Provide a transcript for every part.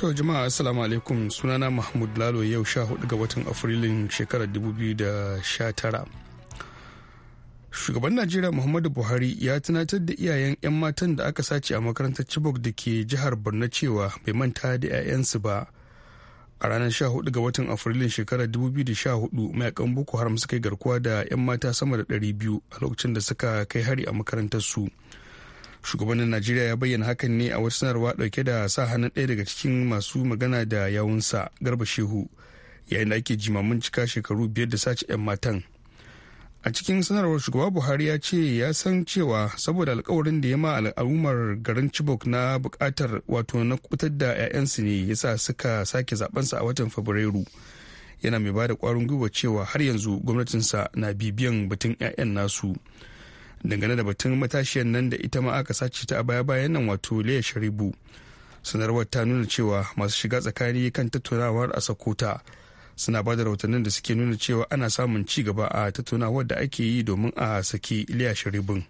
To jama'a assalamu alaikum sunana Mahmud Lalo yau sha hudu ga watan Afrilun shekarar 2019. Shugaban Najeriya Muhammadu Buhari ya tunatar da iyayen 'yan matan da aka sace a makarantar Chibok da ke jihar Borno cewa bai manta da 'ya'yansu ba. A ranar sha hudu ga watan Afrilun shekarar 2014 mayakan Boko Haram suka yi garkuwa da 'yan mata sama da 200 a lokacin da suka kai hari a makarantar su. shugabannin najeriya ya bayyana hakan ne a wata sanarwa dauke da sa hannun ɗaya daga cikin masu magana da yawunsa garba shehu yayin da ake jimamin cika shekaru biyar da sace 'yan matan a cikin sanarwar shugaba buhari ya ce ya san cewa saboda alkawarin da ya ma al'ummar garin chibok na bukatar wato na kubutar da 'ya'yansu ne ya sa suka sake zabensa a watan fabrairu yana mai ba da kwarin gwiwa cewa har yanzu gwamnatinsa na bibiyan batun 'ya'yan nasu dangane da batun matashiyar nan da ita ma aka sace ta a baya-bayan nan wato leya sharibu sanarwar ta nuna cewa masu shiga tsakani kan tattaunawar a sakota suna ba da rahotannin da suke nuna cewa ana samun ci gaba a tattaunawar da ake yi domin a saki leya sharibin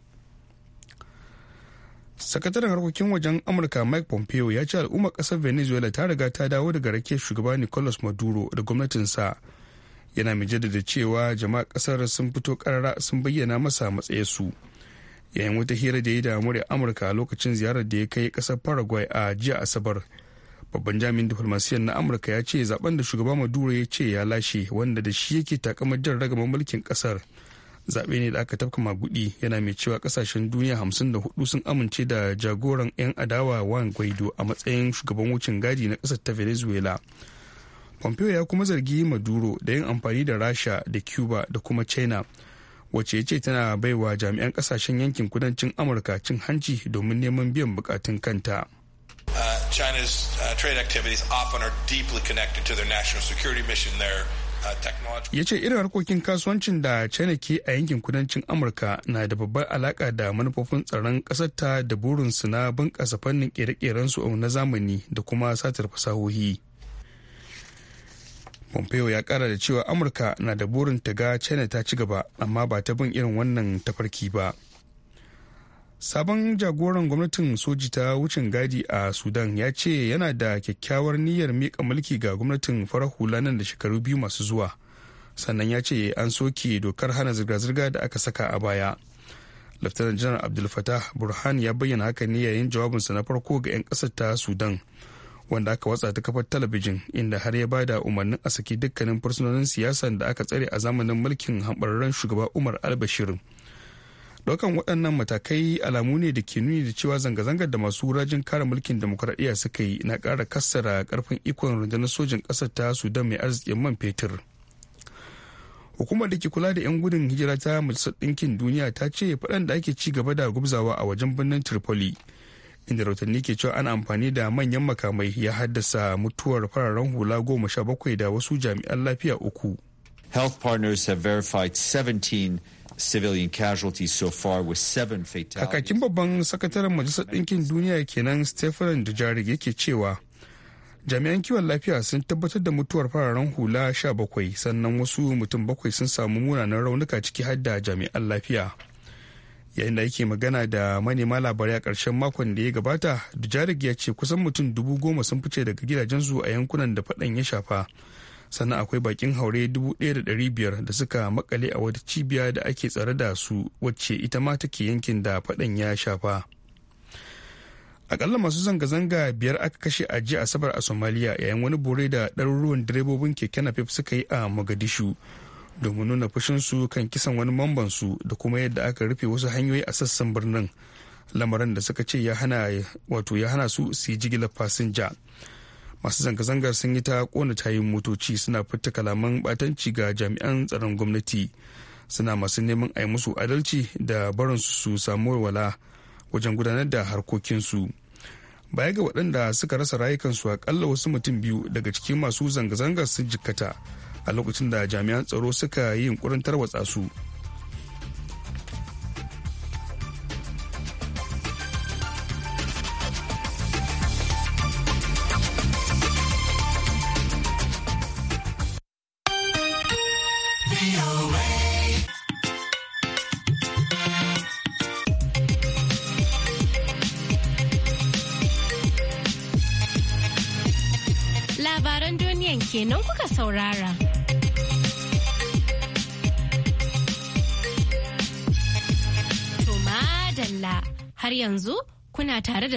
sakataren harkokin wajen amurka mike pompeo ya ce al'ummar kasar venezuela ta riga ta dawo daga rake shugaba nicolas maduro da gwamnatinsa yana mai jaddada cewa jama'a kasar sun fito karara sun bayyana masa matsayarsu. su yayin wata hira da ya da murya amurka lokacin ziyarar da ya kai kasar paraguay a jiya asabar babban jami'in diflomasiyyar na amurka ya ce zaben da shugaba maduro ya ce ya lashe wanda da shi yake takamar jan ragaman mulkin kasar zaɓe ne da aka tafka magudi yana mai cewa kasashen duniya hamsin da hudu sun amince da jagoran 'yan adawa juan guaido a matsayin shugaban wucin gadi na kasar ta venezuela pompeo ya kuma zargi maduro da yin amfani da rasha da cuba da kuma china wacce ya ce tana baiwa jami'an kasashen yankin kudancin amurka cin hanci domin neman biyan bukatun kanta uh, uh, uh, ya ce irin harkokin kasuwancin da china ke a yankin kudancin amurka na da babbar alaka da manufofin tsaron ƙasarta da burinsu na bunƙasa fannin ƙere-ƙerensu na zamani da kuma satar fasahohi pompeo ya kara da cewa amurka na da burin ta ga china ta ci gaba amma ba ta bin irin wannan tafarki ba sabon jagoran gwamnatin soji ta wucin gadi a sudan ya ce yana da kyakkyawar niyyar miƙa mulki ga gwamnatin farar hula nan da shekaru biyu masu zuwa sannan ya ce an soke dokar hana zirga-zirga da aka saka a baya laftanar janar abdulfatah burhan ya bayyana haka ne yayin jawabinsa na farko ga 'yan ƙasar ta sudan wanda aka watsa ta kafar talabijin inda har ya bada umarnin a saki dukkanin fursunonin siyasa da aka tsare a zamanin mulkin hambararren shugaba umar albashirin daukan waɗannan matakai alamu ne da ke nuni da cewa zanga-zangar da masu rajin kare mulkin demokuraɗiyya suka yi na ƙara kassara ƙarfin ikon rundunar sojin ƙasar ta sudan mai arzikin man fetur hukumar da ke kula da 'yan gudun hijira ta majalisar ɗinkin duniya ta ce faɗan da ake ci gaba da gubzawa a wajen birnin tripoli inda rautanni ke cewa ana amfani da manyan makamai ya haddasa mutuwar fararen hula goma sha bakwai da wasu jami'an lafiya uku. Health partners have verified 17 civilian casualties with seven fatalities. Kakakin babban sakataren Majalisar Ɗinkin Duniya kenan Stephen Dujarric yake cewa jami'an kiwon lafiya sun tabbatar da mutuwar fararen hula 17 sannan wasu mutum bakwai sun samu munanan raunuka ciki hadda jami'an lafiya. yayin da yake magana da manema labarai a ƙarshen makon da ya gabata dujarik ya ce kusan mutum dubu goma sun fice daga gidajensu a yankunan da faɗan ya shafa sannan akwai bakin haure dubu ɗaya da ɗari biyar da suka makale a wata cibiya da ake tsare da su wacce ita ma take yankin da faɗan ya shafa akalla masu zanga-zanga biyar aka kashe a jiya asabar a somaliya yayin wani bore da ɗaruruwan direbobin keke napep suka yi a magadishu. domin nuna su kan kisan wani mamban su da kuma yadda aka rufe wasu hanyoyi a sassan birnin lamarin da suka ce ya hana wato ya hana su su yi jigilar fasinja masu zanga-zangar sun yi ta kona tayin motoci suna fita kalaman batanci ga jami'an tsaron gwamnati suna masu neman a yi musu adalci da barinsu su samu wala wajen gudanar da harkokinsu baya ga waɗanda suka rasa rayukansu akalla wasu mutum biyu daga cikin masu zanga-zangar sun jikkata a lokacin da jami'an tsaro suka yi yunkurin tarwatsa su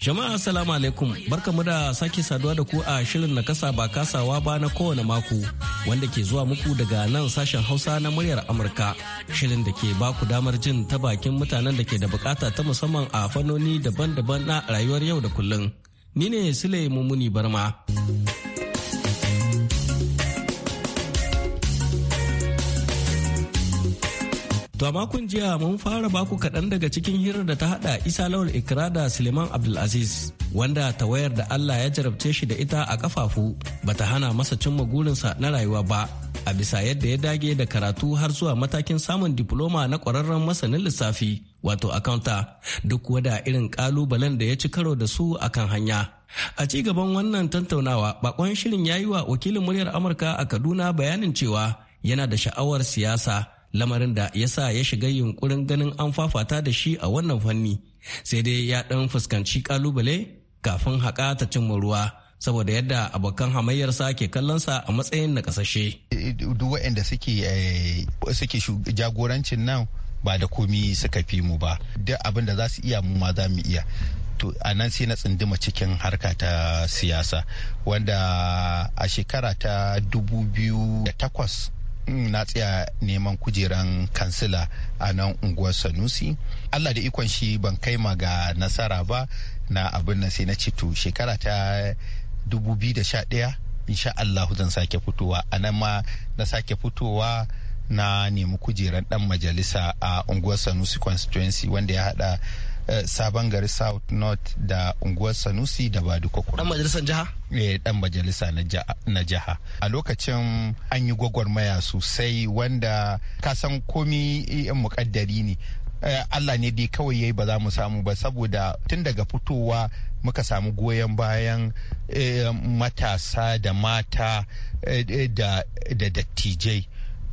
Jama'a salamu alaikum mu da sake saduwa da ku a shirin na kasa ba kasawa ba na kowane mako wanda ke zuwa muku daga nan sashen Hausa na muryar Amurka. Shirin da ke baku damar jin ta bakin mutanen da ke da bukata ta musamman a fannoni daban-daban na rayuwar yau da kullum. Ni ne Sule Mumuni Barma. To a makon jiya mun fara baku kaɗan daga cikin hirar da ta haɗa Isa Lawal Ikra da Suleiman Abdulaziz wanda ta wayar da Allah ya jarabce shi da ita a kafafu ta hana masa cimma gurinsa na rayuwa ba a bisa yadda ya dage da karatu har zuwa matakin samun diploma na ƙwararren masanin lissafi wato akanta duk wada irin ƙalubalen da ya ci karo da su akan hanya. A ci gaban wannan tantaunawa, bakon shirin ya yi wa wakilin muryar Amurka a Kaduna bayanin cewa yana da sha'awar siyasa lamarin da ya sa ya shiga yunkurin ganin an fafata da shi a wannan fanni sai dai ya ɗan fuskanci kalubale kafin haƙa ta cimma ruwa saboda yadda abokan hamayyarsa ke kallonsa a matsayin na kasashe. duk waɗanda suke eh, jagorancin nan ba da komi suka fi mu ba duk abin da za su iya mu ma za mu iya to a nan sai na tsinduma cikin harka ta siyasa wanda a shekara ta 2008 Mm, na tsaya neman kujeran kansila a nan unguwar sanusi allah da ikon shi ban kai ma ga nasara ba na abin nan sai na cito shekara ta 2011 insha allahu zan sake fitowa a nan ma na sake fitowa na nemi kujeran dan majalisa a unguwar sanusi constituency wanda ya hada Eh, sabon gari south north da unguwar sanusi da baduko dan majalisar jiha eh dan majalisa na jiha a lokacin an yi gwagwarmaya sosai wanda kasan san in eh, mukaddari ne eh, Allah ne dai kawai yayi ba za mu samu ba saboda tun daga fitowa muka samu goyon bayan matasa da mata da dattijai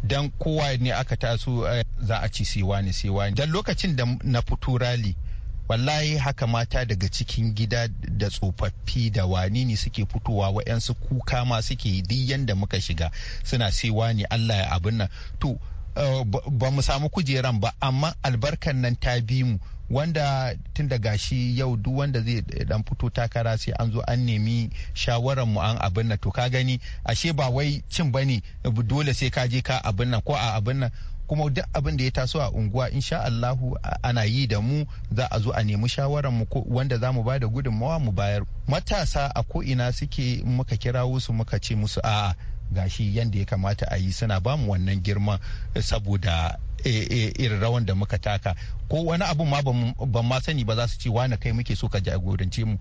don kowa ne aka taso za a ci siwa ne siwa ne. don lokacin da na fito rali wallahi haka mata daga cikin gida da tsofaffi da wani ne suke fitowa wa'yansu kuka ma suke yi duk yanda muka shiga suna sewa ne allah ya abin nan to eh, ba mu samu kujeran ba amma albarkan nan ta bi mu wanda tun da gashi yau duk wanda zai dan fito takara sai an zo an nemi shawaran mu an abin nan to ka gani ashe ba wai cin bane dole sai ka je ka abin nan ko a abin nan kuma duk abin da ya taso a unguwa insha Allahu ana yi da mu za a zo a nemi shawaran mu wanda za mu ba da gudunmawa mu bayar matasa a ko ina suke muka kira su muka ce musu a gashi yadda ya kamata a yi suna bamu wannan girma eh, saboda irin rawan da muka taka ko wani abu ma ban ma sani ba za su ce wani kai muke so ka jagorance mu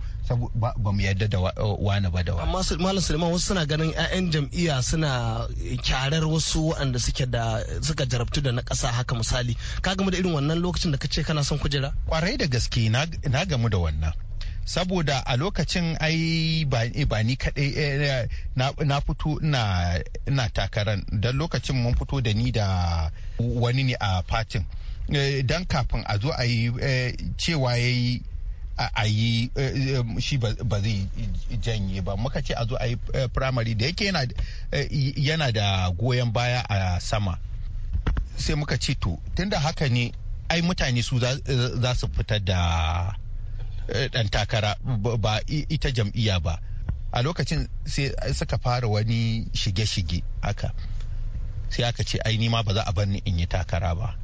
ba mu yarda da uh, wani ba da wani. amma malam suleiman wasu suna ganin 'ya'yan jam'iyya suna kyarar wasu waɗanda suke da suka jarabtu da na ƙasa haka misali ka gamu da irin wannan lokacin da ka ce kana son kujera. kwarai da gaske na gamu da wannan saboda a lokacin ai ba ni kaɗai eh, eh, na fito ina takarar don lokacin mun fito da ni da wani ne a fatin eh, don kafin a zo a yi eh, cewa ya yi a yi eh, shi ba zai janye ba muka ce a zo a yi firamare da yake yana da goyon baya a sama sai muka ce to tunda haka ne ai mutane su za su fitar da dan takara ba ita jam'iyya ba a lokacin sai suka fara wani shige-shige haka sai aka ce ai ni ma ba za a bar ni in yi takara ba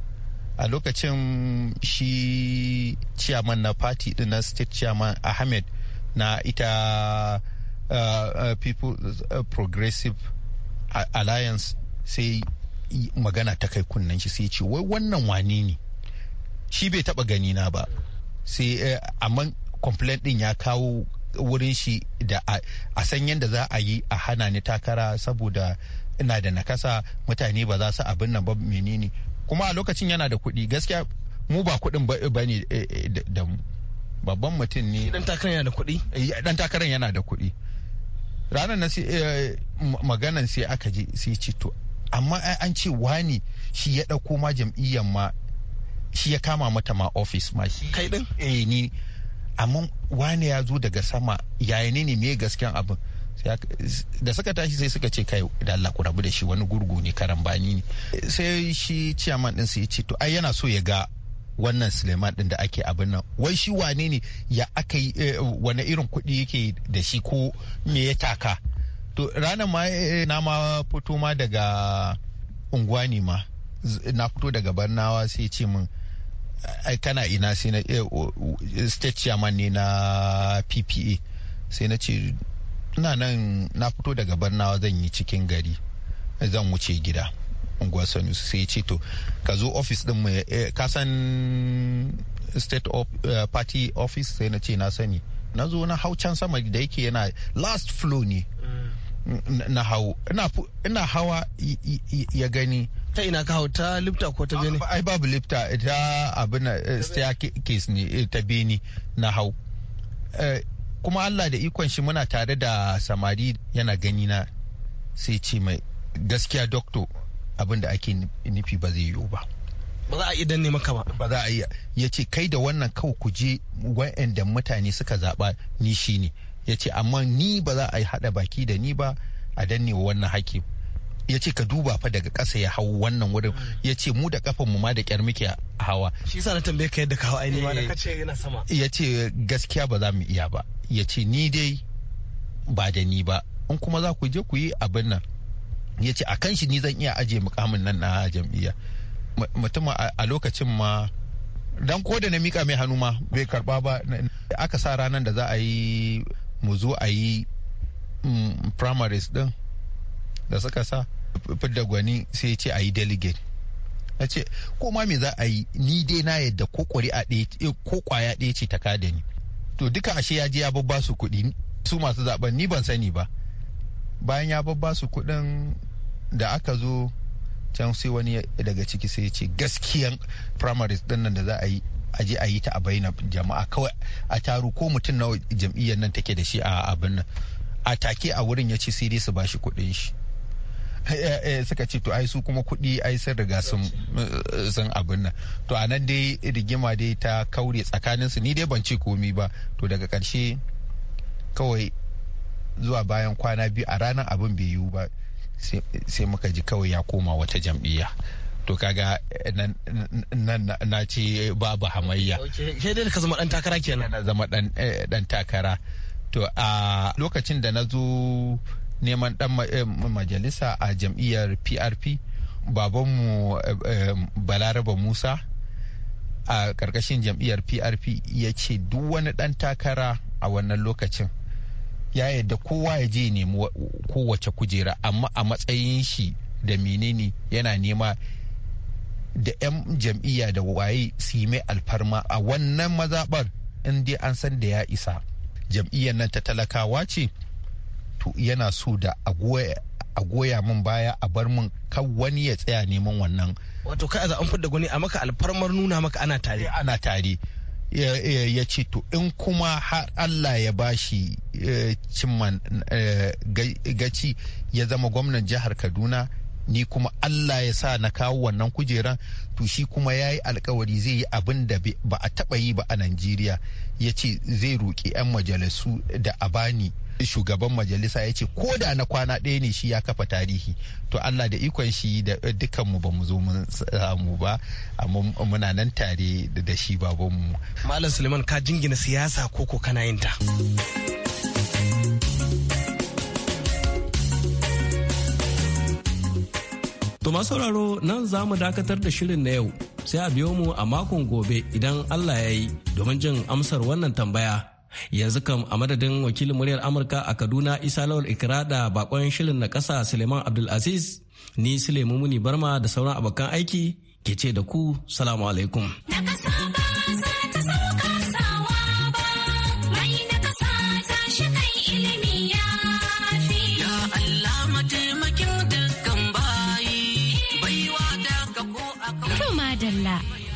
a lokacin shi chairman na party din na state chairman ahmed na ita uh, uh, people uh, progressive alliance sai magana ta kai kunnen shi sai ce wai wannan wani ne shi bai taba gani na ba sai uh, amma complaint din ya kawo wurin shi da a san yadda za a yi a hana ni takara saboda ina da nakasa mutane ba za su abin nan ba menene kuma a lokacin yana da kuɗi gaskiya mu ba kuɗin ba ne eh, eh, da mu babban mutum ne dan takarar yana da kuɗi dan eh, takaran yana da kuɗi ranar na maganan sai aka ji sai ci to amma an ce wani shi ya ɗauko ma jam'iyyar ma shi ya kama mata ma ofis ma shi kai din eh ni amma wani ya zo daga sama yayi ne ne me gaskiyan abin da suka tashi sai suka ce kai da Allah ku rabu da shi wani gurgu ne karambani ne sai shi ciyaman din sai ya ce to ai yana so ya ga wannan suleiman din da ake abin nan wai shi wane ne ya aka yi eh, wani irin kuɗi yake da shi ko me ya taka to ranar ma eh, na ma fito ma daga unguwa ne ma na fito daga barnawa sai ce min ai kana ina sai na eh, state chairman ne na ppa sai na ce ina nan na fito daga barnawa zan yi cikin gari zan wuce gida unguwar sanusi sai ce to ka zo ofis din mu eh, ka san state of, uh, party office sai na ce na sani na zo na hau can sama da yake yana last flow ne mm. na hau ina hawa ya gani ta ina ka hau ta lifta ko ta bene ai babu lifta ta abin eh, staircase ne ta bene na hau kuma allah da ikon shi muna tare da samari yana gani na sai ce mai gaskiya dokto abin da ake nufi ba zai yiwu ba ba za a iya ne maka ba ba za a iya ya ce kai da wannan kawai ku je wa'anda mutane suka zaɓa ni shi ne ya ce amma ni ba za a yi haɗa baki da ni ba a danne wannan haƙƙi ya ce ka duba fa daga ƙasa ya hau wannan wurin hmm. ya ce mu da ƙafan mu ma da ƙyar muke hawa shi yasa na tambaye ka yadda ka hau ainihi ma da kace yana sama ya ce gaskiya ba za mu iya ba ya ce ni dai ba da ni ba in kuma za ku je ku yi abin nan ya ce a kan shi ni zan iya ajiye mukamin nan na jam'iyya mutum a lokacin ma dan ko da na mika mai hannu ma bai karba ba aka sa ranar da za a yi mu zo a yi mm, primaries din da suka sa fidda gwani sai ce a yi delegate ya ce ko ma me za a yi ni dai na yadda ko eh, ƙwaya ɗaya ce ta kada ni to duka ashe ya je ya babba su kuɗi su masu zaben ni ban sani ba bayan ya babba su kuɗin da aka zo can sai wani daga ciki sai ce gaskiyan primaries din nan da za a yi a je a yi ta a bayyana jama'a kawai a taru ko mutum nawa jam'iyyar nan take da shi a abin nan a take a wurin ya ce sai dai su bashi kuɗin shi Eh, eh, suka ce to ai su kuma kuɗi ai sun riga eh, sun abin nan to a nan dai rigima dai ta kaure tsakaninsu ni dai ban ce komi ba to daga ƙarshe kawai zuwa bayan kwana biyu a ranar abin bai yiwu ba sai muka ji kawai ya koma wata jam'iyya to kaga nan na ce babu hamayya ke dai ka zama dan takara kenan na zama dan takara to a lokacin da na zo neman dan eh, majalisa a jam'iyyar prp babanmu eh, eh, balaraba musa a karkashin jam'iyyar prp ya ce duk wani ɗan takara a wannan lokacin ya yadda kowa ya je nemi kowace kujera amma a matsayin shi da menene yana nema da 'yan jam'iyya da waye su yi mai alfarma a wannan mazaɓar in dai an san da ya isa jam'iyyar nan ta talakawa ce yana so da a goya min baya a bar min kan wani ya tsaya neman wannan wato ka za an fidda gwani a maka alfarmar nuna maka ana tare eh, ana tare ya ce to in kuma har Allah ya bashi eh, cimman eh, gaci ya zama gwamnan jihar Kaduna ni kuma Allah ya sa na kawo wannan kujeran to shi kuma ya yi alkawari zai yi abin da ba a taɓa yi ba a Najeriya ya ce zai roƙi 'yan majalisu da abani shugaban majalisa ya ce ko da na kwana ɗaya ne shi ya kafa tarihi to Allah da ikon shi da dukkanmu ba mu zo mun samu ba amma muna nan tare da shi babanmu. Malam Suleiman ka jingina siyasa koko kana yin ta. To masu sauraro nan za mu dakatar da shirin na yau sai a biyo mu a makon gobe idan Allah ya yi domin jin amsar wannan tambaya yanzu kam a madadin wakilin muryar amurka a kaduna isa lawal ikra da bakon shirin na kasa suleiman abdulaziz ni suleiman muni barma da sauran abokan aiki ke ce da ku salamu alaikum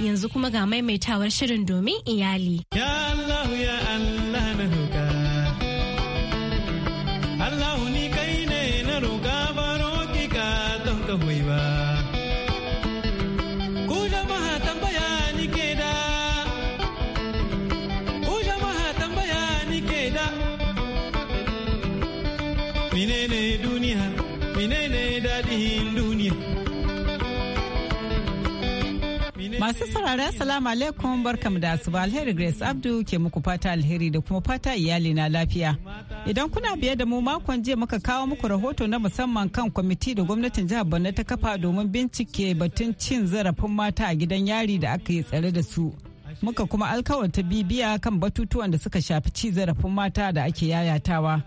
yanzu kuma ga maimaitawar shirin domin iyali. Yeah. Masu saurara salamu alaikum barkamu da asuba alheri Grace Abdu ke muku fata alheri da kuma fata iyali na lafiya. Idan kuna biye da mu makon jiya muka kawo muku rahoto na musamman kan kwamiti da gwamnatin jihar Borno ta kafa domin bincike batun cin zarafin mata a gidan yari da aka yi tsare da su. Muka kuma alkawarta bibiya kan batutuwan da suka shafi ci zarafin mata da ake yayatawa.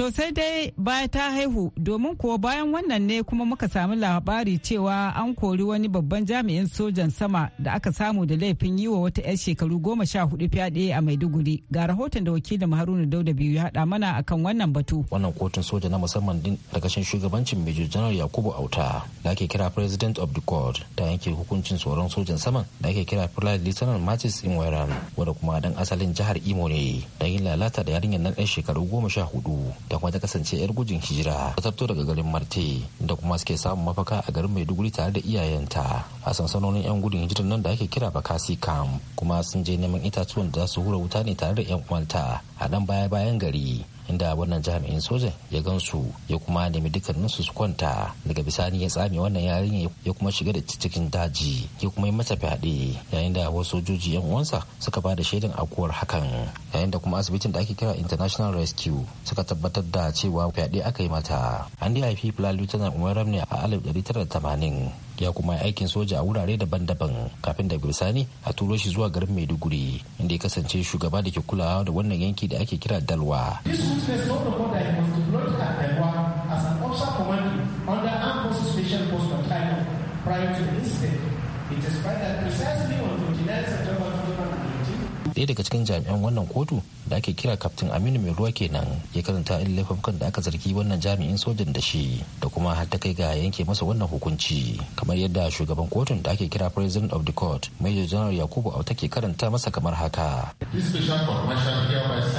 To sai dai baya ta haihu domin kuwa bayan wannan ne kuma muka samu labari cewa an kori wani babban jami'in sojan sama da aka samu da laifin yi wa wata 'yar shekaru goma sha hudu fyaɗe a Maiduguri. Ga rahoton da wakilin Haruna Dauda biyu ya haɗa mana akan wannan batu. Wannan kotun soja na musamman din ƙarƙashin shugabancin Major General Yakubu Auta da ake kira President of the Court ta yanke hukuncin tsoron sojan saman da ake kira Flight Lieutenant Matis Inwairan wanda kuma dan asalin jihar Imo ne da yin lalata da yarinyar nan 'yar shekaru goma sha hudu. da kuma ta kasance 'yar gujin hijira ta tafto daga garin marte da kuma suke samun mafaka a garin maiduguri tare da iyayenta a sansanonin 'yan gudun hijirar nan da ake kira bakasi camp kuma sun je neman itatuwan da za su hura wuta ne tare da 'yan uwanta a dan baya bayan gari inda wannan jami'in sojan ya gansu ya kuma nemi dukkanin su kwanta daga bisani ya tsame wannan yarinya ya kuma shiga da cikin daji ya kuma yi mata fyaɗe yayin da wasu sojoji yan uwansa suka ba da shaidan akuwar hakan yayin da kuma asibitin da ake kira international rescue suka tabbatar da cewa fyaɗe aka yi mata an dai haifi fulani tana umar ramne a 1980 ya kuma aikin soja a wurare daban-daban kafin da birsani a turo shi zuwa garin maiduguri inda ya kasance shugaba da ke kulawa da wannan yanki da ake kira dalwa. ɗaya daga cikin jami'an wannan kotu da ake kira kaftin aminu mai ruwa kenan ya karanta irin laifukan da aka zargi wannan jami'in sojan da shi da kuma har ta kai ga yanke masa wannan hukunci kamar yadda shugaban kotun da ake kira president of the court major general yakubu auta ke karanta masa kamar haka This special 2771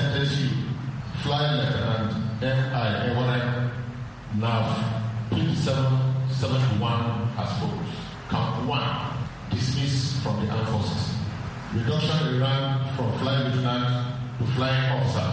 as follows. Count 1. Dismiss from the armed forces. reduction in rank from flying lieutenant to flying officer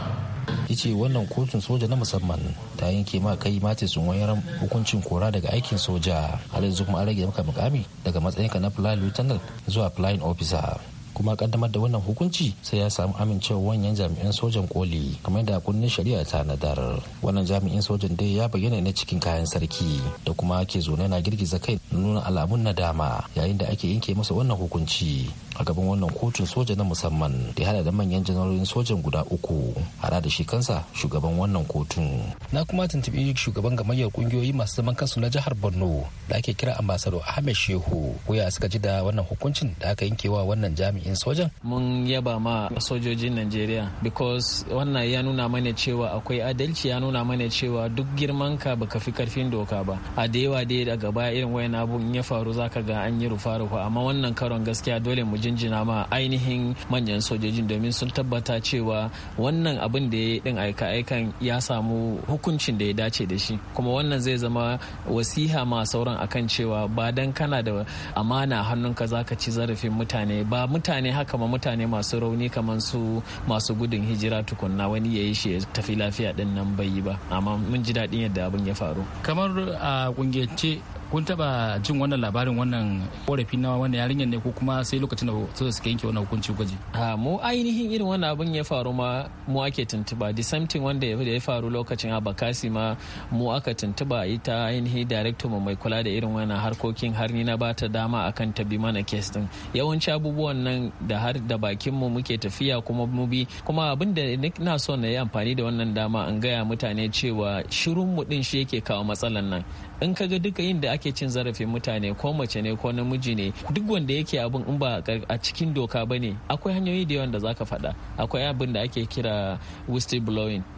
ya ce wannan kotun soja na musamman ta yanke ma kai mace sun wayaran hukuncin kora daga aikin soja har yanzu kuma an rage maka mukami daga matsayinka na fly lieutenant zuwa flying officer kuma kaddamar da wannan hukunci sai ya samu amincewa wanyan jami'an sojan koli kamar da kunnin shari'a ta nadar wannan jami'in sojan dai ya bayyana ne cikin kayan sarki da kuma ke zo na girgiza kai nuna alamun nadama yayin da ake yanke masa wannan hukunci a gaban wannan kotun soja na musamman da hada da manyan janarorin sojan guda uku hada da shi kansa shugaban wannan kotun na kuma tuntubi shugaban gamayyar kungiyoyi masu zaman kansu na jihar borno da ake kira ambasado ahmed shehu koya suka ji da wannan hukuncin da aka yankewa wannan jami'in sojan mun yaba ma sojojin najeriya because wannan ya nuna mana cewa akwai adalci ya nuna mana cewa duk girman ka baka fi karfin doka ba a da yawa dai daga baya irin wayan in ya faru zaka ga an yi rufa-rufa amma wannan karon gaskiya dole mu je jinjina ma ainihin manyan sojojin domin sun tabbata cewa wannan abin da ya yi din aika-aikan ya samu hukuncin da ya dace da shi kuma wannan zai zama wasiha ma sauran akan cewa ba dan kana da amana hannunka za ka ci zarafin mutane ba mutane haka ma mutane masu rauni kamar su masu gudun hijira tukunna wani ya yi shi ya tafi lafiya din nan bai yi ba amma mun ji daɗin yadda abin ya faru kamar a kungiyance kun taba jin wannan labarin wannan korafi na wannan yarinyar ne ko kuma sai lokacin da suka yanke wannan hukunci gwaji a mu ainihin irin wannan abin ya faru ma mu ake tuntuba the same thing wanda ya faru lokacin abakasi ma mu aka tuntuba ita ainihin director mu mai kula da irin wannan harkokin har ni na ba dama akan ta bi mana case din yawanci abubuwan nan da har da bakin mu muke tafiya kuma mu bi kuma abin da na so na yi amfani da wannan dama an gaya mutane cewa shirun mu din shi yake kawo matsalan nan in ka ga duka inda ake cin zarafin mutane ko mace ne ko namiji ne duk wanda yake abun in ba a cikin doka ba ne akwai hanyoyi da yawan da zaka faɗa akwai abin da ake kira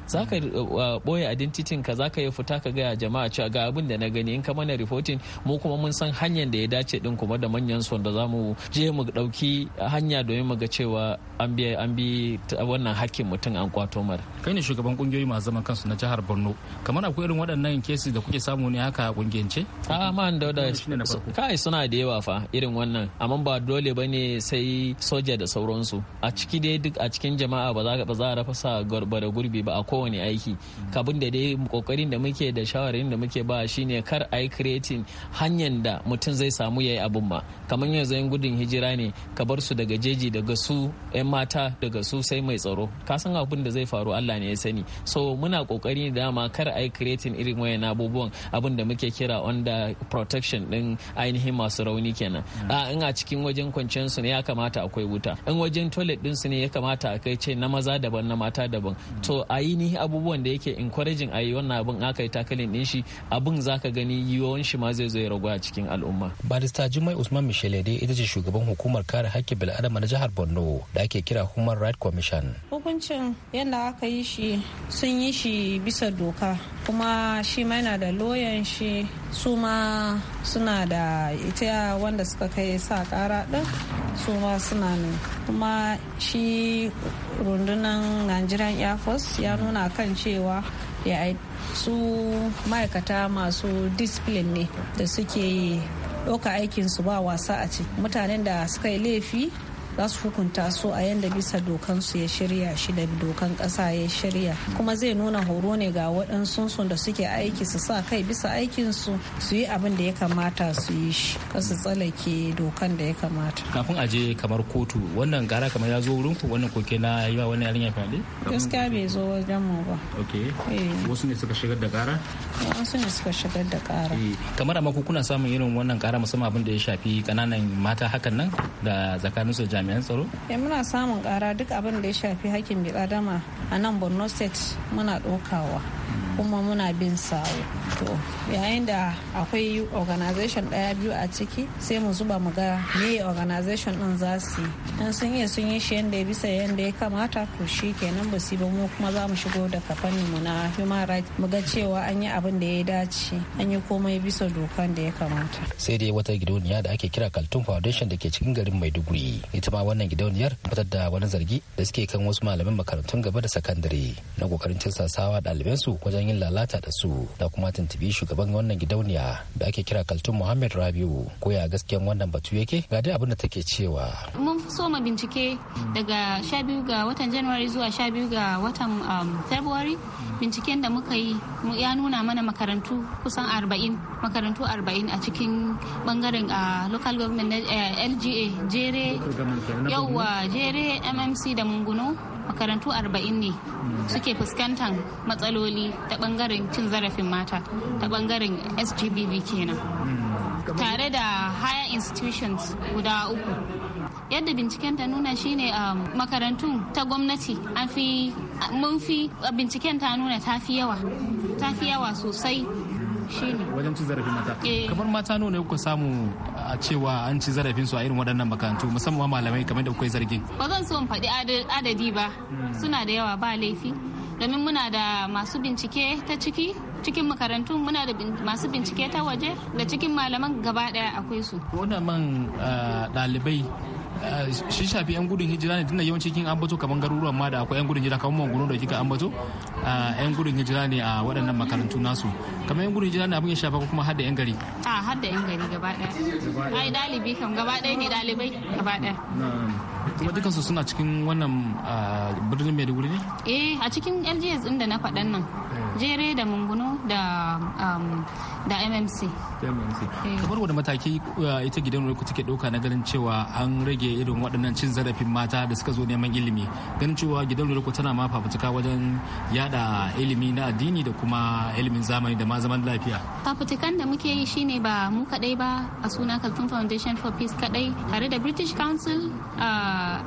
za ka boye uh, uh, identitin ka za ka yi fita ka gaya jama'a cewa ga abin da na gani in ka mana reportin mu kuma mun san hanyar da ya dace din kuma da manyan su da mu je mu dauki hanya domin mu ga cewa an bi an bi wannan hakkin mutum an kwato mara. kai ne shugaban kungiyoyi masu zaman kansu na jihar Borno kamar akwai irin waɗannan kesi da kuke samu ne haka kungiyance a ah, man dauda kai suna da yawa fa irin wannan amma ba dole bane sai soja da sauransu a ciki dai duk a cikin jama'a ba za ba za a rafa sa da gurbi ba a kowane aiki kabin mm. da dai kokarin da muke da shawarin da muke ba shine kar ai creating hanyar da mutum zai samu yayi abun ba kamar yanzu yan gudun hijira ne ka bar su daga jeji daga su yan mata daga su sai mai tsaro ka san abin da zai faru Allah ne ya sani so muna kokari da dama kar ai creating irin wayan abubuwan abin da muke muke kira under protection din ainihin masu rauni kenan hmm. a ah, in a cikin wajen kwanciyar su ne ya kamata akwai wuta in wajen toilet din su ne ya kamata a kai ce na maza daban na mata daban hmm. to ainihin abubuwan da yake encouraging ayi wannan abin aka yi takalin din shi abin zaka gani yiwuwan shi ma zai zo ya ragu a cikin al'umma barista jimai usman mishelede ita ce shugaban hukumar kare haƙƙin bil'adama na jihar borno da ake kira human rights commission hukuncin yadda aka yi shi sun yi shi bisa doka kuma shi ma yana da loyan shi su ma suna da ita wanda suka kai sa kara din su ma suna nan kuma shi rundunan nigerian air force ya nuna kan cewa ya su ma'aikata masu discipline ne da suke ɗauka aikinsu ba wasa a ciki mutanen da suka yi laifi za su hukunta su a yadda bisa dokan su ya shirya shi da dokan ƙasa ya shirya kuma zai nuna horo ne ga waɗansu da suke aiki su sa kai bisa aikin su su yi abin da ya kamata su yi shi su tsalake dokan da ya kamata kafin a je kamar kotu wannan gara kamar ya zo wurinku wannan koke na yi wa wani yarinya fyaɗe gaskiya bai zo wajen mu ba eh. wasu ne suka shigar da gara wasu ne suka shigar da kara eh. kamar amma kuna samun irin wannan kara musamman abin da ya shafi kananan mata hakan nan da tsakaninsu su jami'an tsaro? Eh muna samun kara duk abin da ya shafi hakkin biladama a nan Borno State muna ɗaukawa. kuma muna bin sawo to yayin da akwai organization daya biyu a ciki sai mu zuba mu ga me organization din za su yi sun yi sun yi shi yanda ya bisa yanda ya kamata to shi kenan ba su ba mu kuma za mu shigo da kafani mu na human rights mu ga cewa an yi abin da ya dace an yi komai bisa dokan da ya kamata sai dai wata gidauniya da ake kira kaltun foundation da ke cikin garin maiduguri ita ma wannan gidauniyar fitar da wani zargi da suke kan wasu malaman makarantun gaba da sakandare na kokarin cin sasawa ɗalibansu wajen yin lalata da su da kuma tuntubi shugaban wannan gidauniya da ake kira kaltun muhammad rabiu ko ya gaskiyan wannan batu yake ga dai abin da take cewa mun so soma bincike daga 12 ga watan january zuwa 12 ga watan um, february binciken da muka yi ya nuna mana makarantu kusan 40 makarantu 40 a cikin bangaren a uh, local government eh, lga jere yauwa jere mmc da munguno makarantu 40 ne hmm. suke fuskantar matsaloli ta bangaren cin zarafin mata ta bangaren sgbb kenan tare da higher institutions guda uku yadda binciken ta nuna shine a um, makarantu ta gwamnati an fi mun fi binciken ta nuna ta fi yawa ta fi yawa sosai shine wajen ci zarafin mata eh. kamar mata nuna ne kuka samu a cewa an ci zarafin su a irin waɗannan makarantu musamman malamai kamar da kuka yi zargin ba zan so in faɗi adadi ba hmm. suna da yawa ba laifi domin muna da masu bincike ta ciki cikin makarantu muna da masu bincike ta waje da cikin malaman gaba daya akwai su man dalibai ah, ah, shi shafi yan gudun hijira ne tunda yawanci kin ambato kaman garuruwan ma da akwai yan gudun hijira kamar gudun da kika ambato yan ah, gudun hijira ne a waɗannan makarantu nasu kaman yan gudun hijira ne abin ya shafa ko kuma hadda yan gari a hadda yan gari gaba ɗaya ai dalibi kam gaba ɗaya ne dalibai gaba ɗaya kuma su suna cikin wannan birnin maiduguri ne eh a cikin lgs din da na faɗan nan eh. jere da munguno da da mmc eh. kamar wani mataki uh, ita gidan ku take ɗauka na ganin cewa an rage irin waɗannan cin zarafin mata da suka zo neman ilimi ganin cewa gidan ku tana ma fafutuka wajen yada ilimi na addini da kuma ilimin zamani da ma zaman lafiya fafutukan da muke yi shine ba mu kadai ba a suna kaltun foundation for peace kadai tare da british council uh, Uh,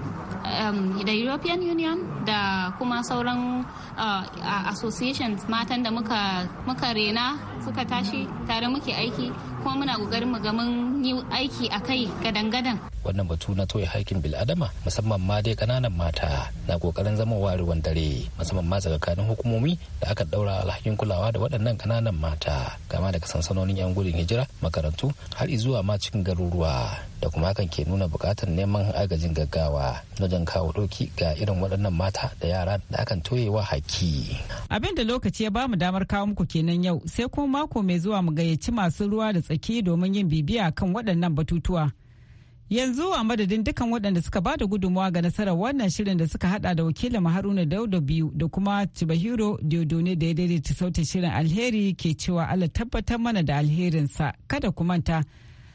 um, the European Union da kuma sauran uh, associations matan da muka, rena suka tashi tare muke aiki kuma muna kokarin mu ga mun yi aiki a kai gadan-gadan. Wannan batu na toye haikin bil'adama musamman ma dai kananan mata na kokarin zama warewan dare musamman ma tsakanin hukumomi da aka daura alhakin kulawa da waɗannan kananan mata kama daga sansanonin 'yan gudun hijira makarantu har zuwa ma cikin garuruwa da kuma hakan ke nuna buƙatar neman agajin gaggawa na jan kawo doki ga irin waɗannan mata mata da yara da akan wa haki. Abin da lokaci ya bamu damar kawo muku kenan yau sai kuma mako mai zuwa mu gayyaci masu ruwa da tsaki domin yin bibiya kan waɗannan batutuwa. Yanzu a madadin dukkan waɗanda suka ba da gudunmawa ga nasarar wannan shirin da suka hada da wakilin Haruna Dauda biyu da kuma Cibahiro Diodone da ya daidaita sautin shirin alheri ke cewa Allah tabbatar mana da alherinsa kada ku manta.